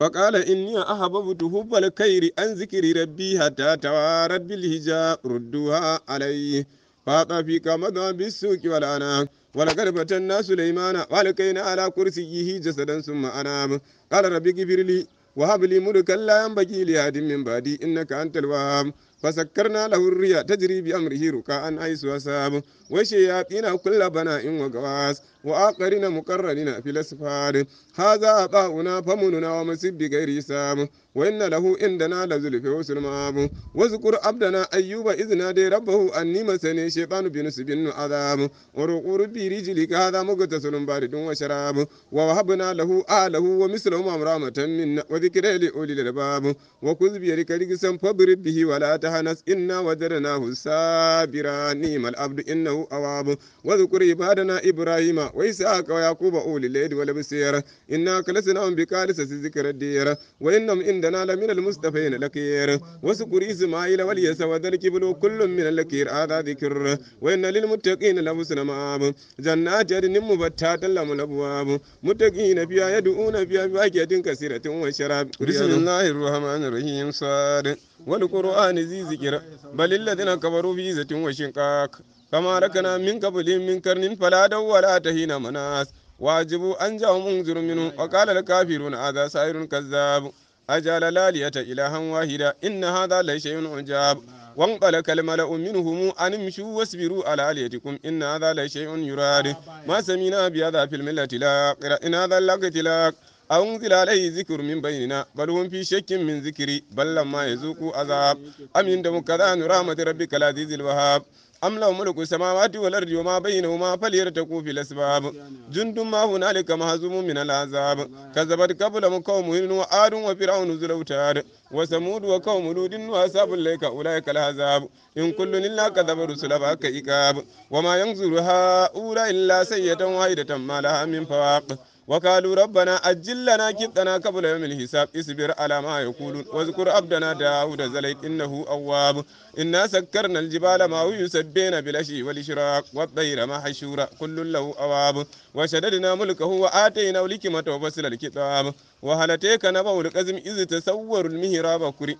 فقال إني أحببت حب الخير أن ذكر ربي حتى توارت بالهجاء ردوها عليه فطفق مضى بالسوق والأنام ولقد فتنا سليمان ولقينا على كرسيه جسدا ثم أناب قال ربي كفر لي وهب لي ملكا لا ينبغي لأحد من بعدي إنك أنت الوهاب fasakkarna lahurriya ta jiri bi amrihi ruka an aisu wasabu washe ya tsina kulla bana in wa gawas wa aqarina muqarranina fil asfar hadha ba'una famununa wa masibbi ghairi sam wa inna lahu indana la zulfi abu. mabu wa zkur abdana ayyuba izna de rabbahu anni masani shaytanu bin sibin adam wa ruqur bi rijli ka hadha mugtasalun baridun wa sharab wa wahabna lahu alahu wa mislahu amramatan minna wa dhikra li ulil albab wa kuzbi yarikalisam fabrib bihi wa تهنس إنا وجدناه سابرا نيم العبد إنه أواب وذكر عبادنا إبراهيم وإسحاق ويعقوب أولي اليد والبصير إنا كلسناهم بكارثة ذكر الدير وإنهم عندنا لمن المصطفين لكير وذكر إسماعيل واليسع وذلك بلو كل من الكير هذا ذكر وإن للمتقين لحسن مآب جنات عدن مفتحات لهم الأبواب متقين فيها يدعون فيها بفاكهة كثيرة وشراب بسم الله الرحمن الرحيم صاد والقرآن ذي ذكر بل الذين كفروا في عزة وشنقاك كما ركنا من قبل من كرن فلا دو ولا تهين مناس واجب أن جاءهم منذر منه وقال الكافرون هذا سائر كذاب أجعل لالية إلها واحدا إن هذا لشيء عجاب وانطلق الملأ منهم أن امشوا واصبروا على آليتكم إن هذا لشيء يراد ما سمينا بهذا في الملة الآخرة إن هذا الاختلاق أنزل عليه ذكر من بيننا بل هم في شك من ذكري بل لما يذوقوا عذاب أم عندهم كذان رحمة ربك العزيز الوهاب أم له ملك السماوات والأرض وما بينهما فليرتقوا في الأسباب جند ما هنالك مهزوم من العذاب كذبت قبلهم قوم هند وعاد وفرعون ذو الأوتاد وثمود وقوم لود وأصحاب الليك أولئك العذاب إن كل إلا كذب الرسل فهك إكاب وما ينظر هؤلاء إلا سيئة واحدة ما لها من فواق وقالوا ربنا أجل لنا كتنا قبل يوم الحساب اصبر على ما يقولون واذكر عبدنا داود زليت إنه أواب إنا سكرنا الجبال ما يسبين بالعشي والإشراق والطير ما محشورا كل له أواب وشددنا ملكه وآتينا الحكمة وفصل الكتاب وهل تيك نبو القزم إذ تصور المهراب كري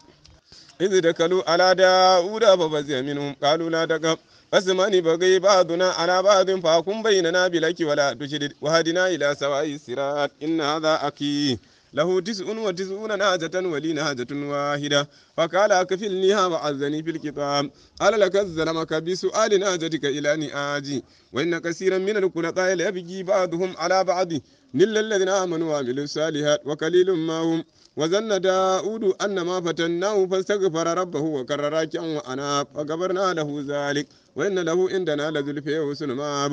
إذ دخلوا على داود ففزع منهم قالوا لا دقب فاسمني بغي بعضنا على بعض فاكم بيننا بلك ولا تشدد وهدنا إلى سواء الصراط إن هذا أكي له تسع وتسعون نازة ولي نازة واحدة فقال كفلنيها وعزني في الكتاب قال لك الزلمك بسؤال نازتك إلى نآجي وإن كثيرا من الخلطاء ليبجي بعضهم على بعض نل الذين آمنوا وعملوا الصالحات وقليل ما هم وزن داود أن ما فتناه فاستغفر ربه وكرر راكعا وأناب فغفرنا له ذلك وإن له عندنا لزلفه وسن مآب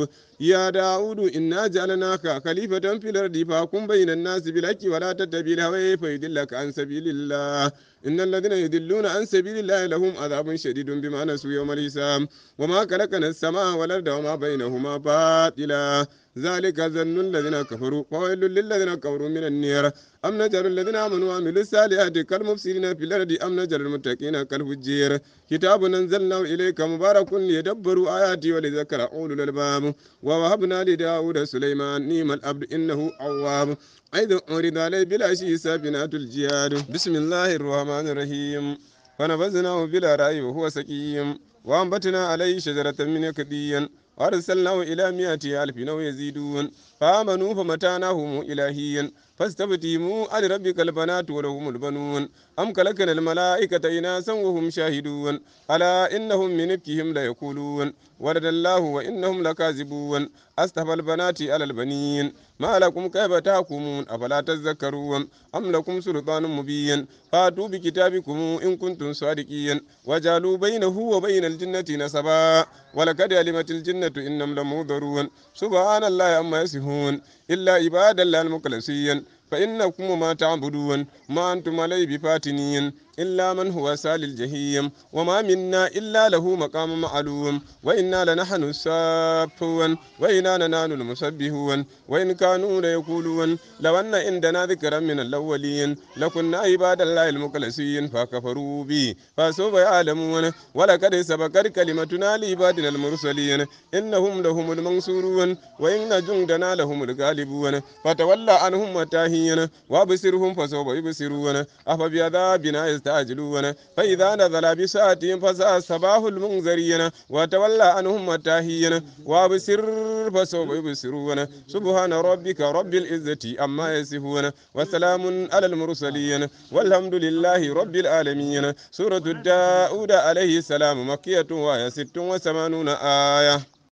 يا داود إنا جعلناك خليفة في الأرض فاكم بين الناس بالحق ولا تتبع الهوى فيدلك عن سبيل الله إن الذين يدلون عن سبيل الله لهم عذاب شديد بما نسوا يوم الحساب وما خلقنا السماء والأرض وما بينهما باطلا ذلك ظن الذين كفروا فويل للذين كفروا من النير أم نجعل الذين آمنوا وعملوا الصالحات كالمفسدين في الأرض أم نجعل المتقين كالفجير كتاب أنزلناه إليك مبارك ليدعو وليدبروا آياتي ولذكر أولو الألباب ووهبنا لداود سليمان نيم الأبد إنه أواب أيضا أريد عليه بلا شيء سابنات الجهاد بسم الله الرحمن الرحيم فنبذناه بلا رأي وهو سكيم وأنبتنا عليه شجرة من يقدين وأرسلناه إلى مئة ألف أو يزيدون فآمنوا فمتعناهم إلهيا على ربك البنات ولهم البنون أم كلكن الملائكة إناسا وهم شاهدون ألا إنهم من إفكهم ليقولون ولد الله وإنهم لكاذبون أستهب البنات على البنين ما لكم كيف تحكمون أفلا تذكرون أم لكم سلطان مبين فاتوا بكتابكم إن كنتم صادقين وجعلوا بينه وبين الجنة نسبا ولقد علمت الجنة إنهم لمنذرون سبحان الله أما يسهون إلا عباد الله المخلصين فإنكم ما تعبدون ما أنتم عليه بفاتنين إلا من هو سال الجهيم وما منا إلا له مقام معلوم وإنا لنحن السابون وإنا لنحن المسبهون وإن كانوا ليقولون لو أن عندنا ذكرا من الأولين لكنا عباد الله المخلصين فكفروا بي فسوف يعلمون ولقد سبقت كلمتنا لعبادنا المرسلين إنهم لهم المنصورون وإن جندنا لهم الغالبون فتولى عنهم متاهين وابصرهم فسوف يبصرون أفبعذابنا يستعجلون فإذا نزل بساتهم فساء صباح المنذرين وتولى عنهم متاهين وابصر فسوف يبصرون سبحان ربك رب العزة أما يصفون وسلام على المرسلين والحمد لله رب العالمين سورة داود عليه السلام مكية وهي ست وثمانون آية